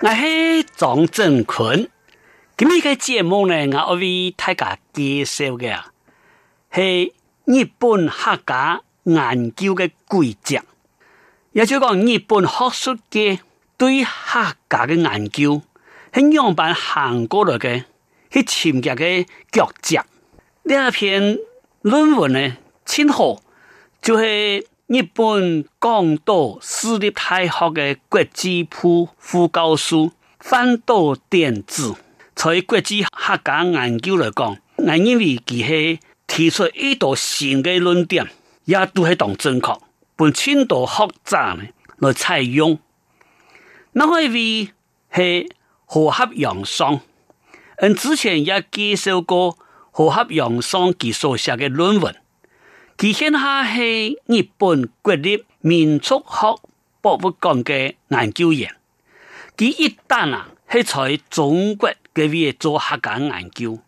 我是張正坤，今日的節目呢，我為大家介紹嘅是、啊、日本客家研究的巨匠，也就講日本學術界對客家的研究，是樣板行過嚟嘅，係前日的巨匠。第二篇論文呢，前後就是日本廣島市立大學的國際部副教授飯島典子，在國際客家研究來講，我認為其係提出一道新嘅論點，也都係當正確，不斷到學習來採用。那位係河合洋尚，嗯，之前也介紹過河合洋尚佢所寫嘅論文。佢現在係日本國立民族學博物館的研究員，佢一單人、啊、在中國嘅位做客家研究，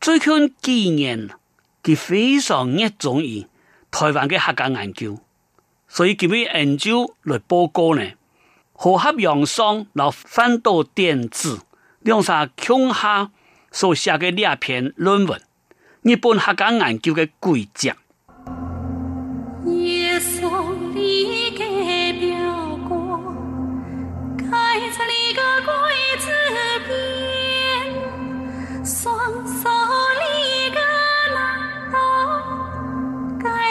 最近幾年佢非常熱衷於台灣的客家研究，所以佢要研究嚟報告呢。何俠用雙又翻到電子用晒瓊下所寫的兩篇論文，日本客家研究的軌跡。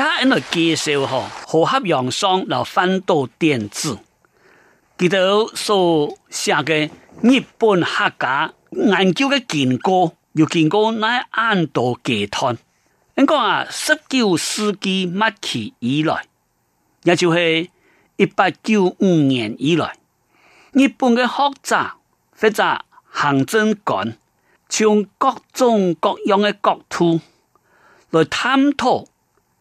我喺嚟介紹嗬，河合陽雙來翻到電子，見到所寫嘅日本客家研究嘅見過，又見過嗱啱度嘅攤。應該啊十九世紀末期以來，也就是一八九五年以來，日本嘅學者或者行政官，從各種各樣的角度來探討。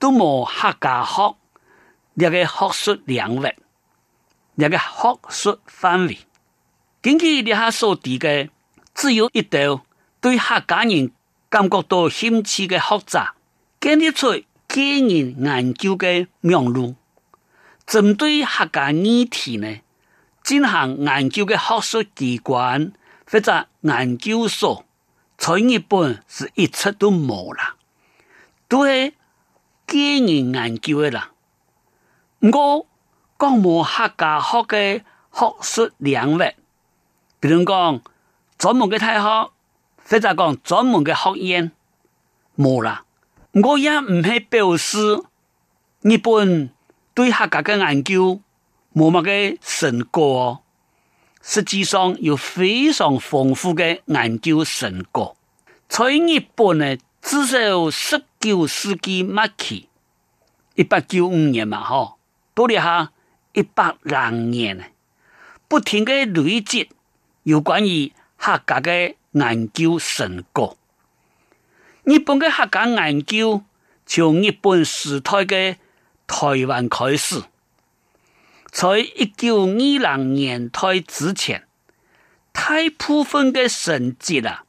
都冇客家學，呢、這個學術領域，呢、這個學術範圍，根據你所提嘅，只有一道對客家人感覺到興趣的學者，建立出個人研究的名錄，針對客家議題呢，進行研究的學術機關或者研究所，從日本是一切都冇啦，都既然研究的啦，我講冇客家學嘅學術領域，比如講專門嘅大學，或者講專門嘅學院冇啦。我也唔係表示日本對客家嘅研究冇乜嘅成果，哦，實際上有非常豐富嘅研究成果。喺日本呢，至少有十。十九世紀末期，一八九五年嘛，吼，到了哈一八零年呢，不停的累積有關於客家嘅研究成果。日本嘅客家研究從日本時代嘅台灣開始，在一九二零年代之前，大部分嘅成績啦、啊。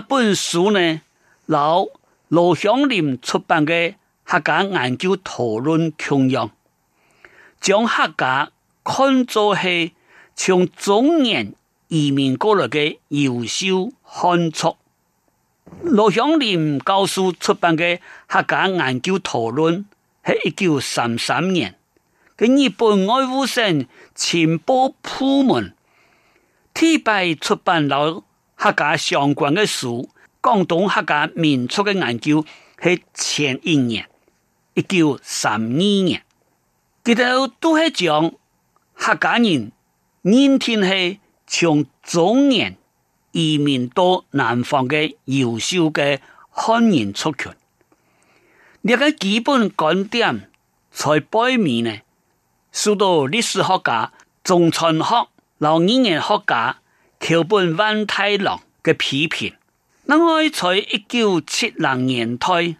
本書呢，由羅祥林出版嘅《客家研究討論》瓊陽，將客家看作係從中原移民過來嘅優秀漢族。羅祥林教授出版嘅《客家研究討論》係一九三三年，喺日本愛烏山前波部、部門，提拔出版樓。客家相關的書，廣東客家民俗的研究係前一年，一九三二年，佢都都係講客家人原先是從中原移民到南方嘅優秀嘅漢人族群，呢個基本觀點在背面呢，受到歷史學家、宗傳學、老年學家、橋本萬太郎的批評，那開在一九七零年代，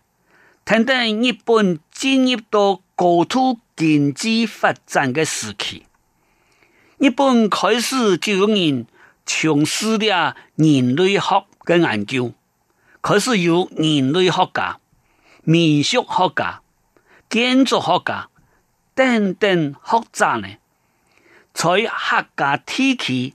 等到日本進入到高度經濟發展嘅時期，日本開始就有人嘗試了人類學的研究，開始由人類學家、民俗學家、建築學家等等學者呢，在客家提起，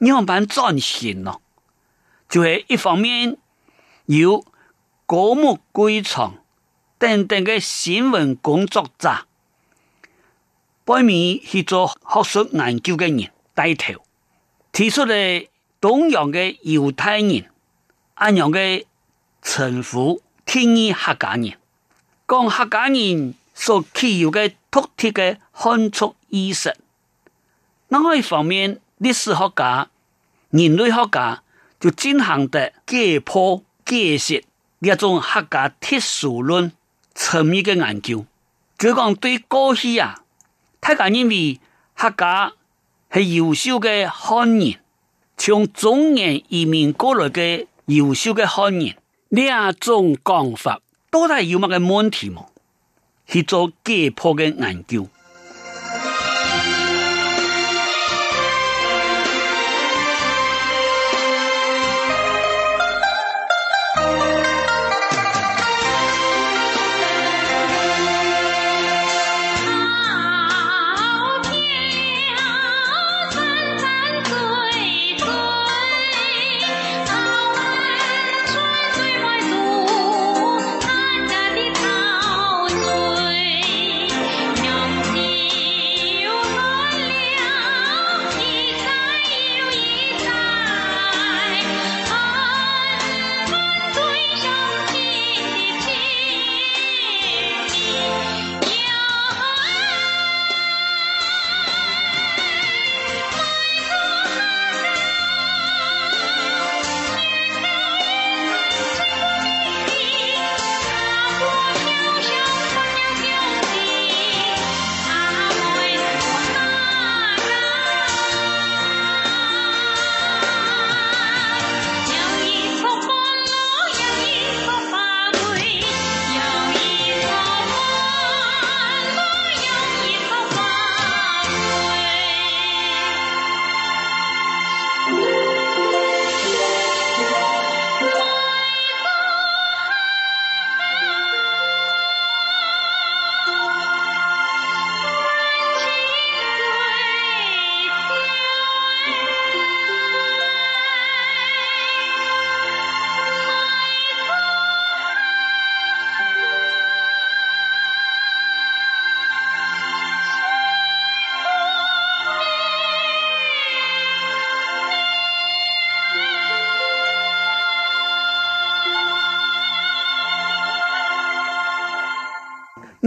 兩班轉型咯，就係一方面有古木歸藏等等嘅新聞工作者，背面去做學術研究嘅人帶頭，提出嚟東洋嘅猶太人、阿洋嘅臣服天意客家人，講客家人所具有嘅獨特嘅漢族意識；另外一方面，歷史學家，人類學家就進行嘅解剖、解析呢一種客家特殊論層面的研究。如、就、講、是、對過去啊，大家認為客家是優秀的漢人，從中原移民過來的優秀的漢人兩種講法，都係有乜嘅問題冇？去做解剖嘅研究。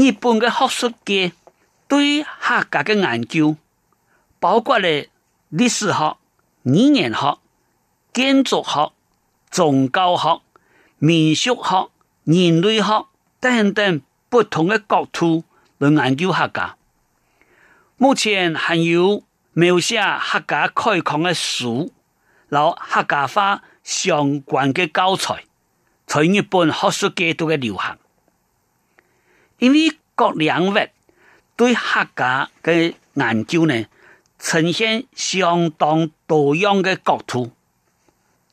一般嘅學術界對客家嘅研究，包括咧歷史學、語言學、建築學、宗教學、民俗學、人類學等等不同嘅角度嚟研究客家。目前還有描寫客家概況嘅書，然後客家化相關嘅教材，在日本學術界都流行。因為各領域對客家的研究呢，呈現相當多樣的角度。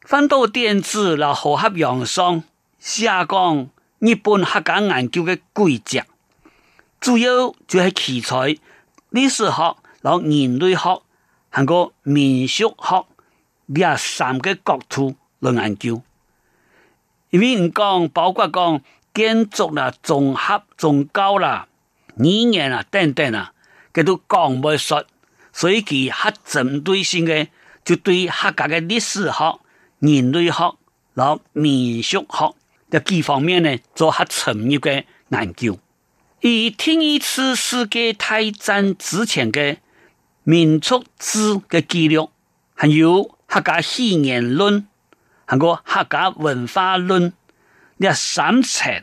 飯島典子了后合陽雙下降日本客家研究的軌跡，主要就是取材：歷史學、然後人類學、韓國民俗學呢三個角度來研究。因為你講，包括講。建築啦、綜合、宗教啦、語言啦、等等啦，佢都講唔會熟，所以佢係針對性嘅，就對客家嘅歷史學、人類學、然後民俗學嘅幾方面呢，做係深入嘅研究。而第一次世界大戰之前嘅民族志嘅記錄，還有客家語言論，係個客家文化論，呢三層。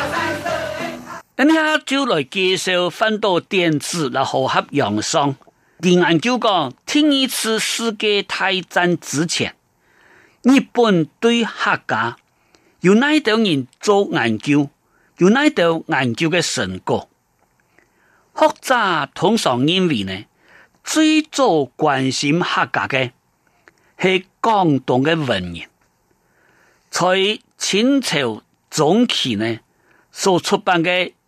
今日就來介紹飯島典子嚟合合養生。研究講，第一次世界大戰之前，日本對客家有哪啲人做研究，有哪啲研究嘅成果？學者通常認為呢，最早關心客家嘅係廣東嘅文人，在清朝中期呢所出版嘅。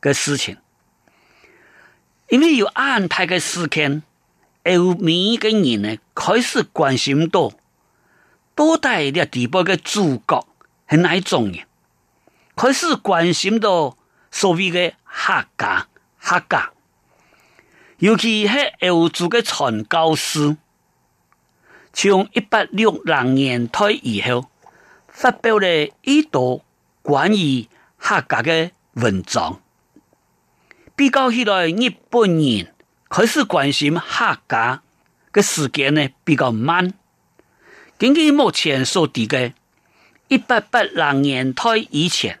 嘅事情，因為有安排嘅事件，歐美嘅人呢開始關心到多帶一啲地方嘅祖國係哪一種嘅，開始關心到所謂的客家客家，尤其是歐洲的傳教士從一八六六年退以後，發表了一多關於客家的文章。比較起來，日本人開始關心客家嘅、這個、時間呢比較慢。根據目前所知嘅，一八八零年代以前，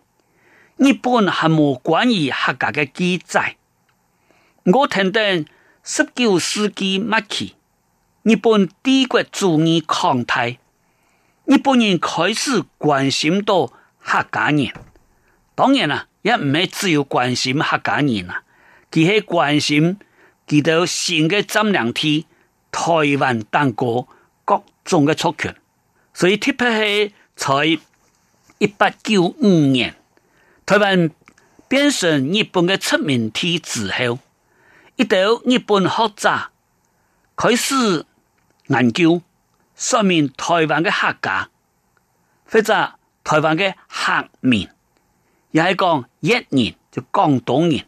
日本還冇關於客家嘅記載。我聽到十九世紀末期，日本帝國主義擴大，日本人開始關心到客家人。當然啦，也唔係只有關心客家人啦。佢係關心的，見到先嘅金良體台灣當局各種嘅錯決，所以特別係在一八九五年台灣變成日本嘅殖民地之後，一到日本學者開始研究說明台灣嘅客家，或者台灣嘅客民，又係講一年就廣東人。年。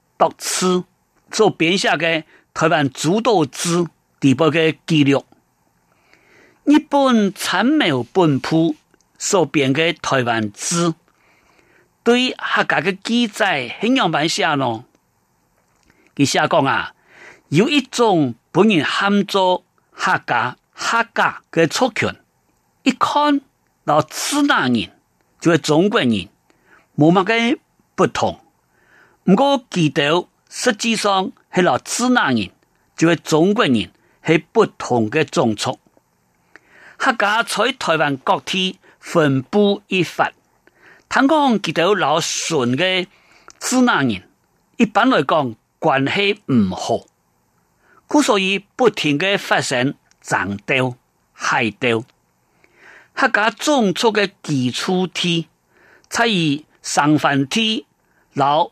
到此，所編寫嘅台灣主導之地方嘅記錄，日本參謀本部所編嘅台灣志，對客家嘅記載很樣般下咯。以下講啊，有一種本原漢族客家客家嘅族群，一看到此等人，就係中國人，冇乜嘅不同。唔過，見到實際上係老支那人，就係、是、中國人係不同嘅種族。客家在台灣各地分布亦發，坦講見到老純嘅支那人，一般來講關係唔好，故所以不停嘅發生爭鬥械鬥。客家種族嘅基礎天，出於上墳體老。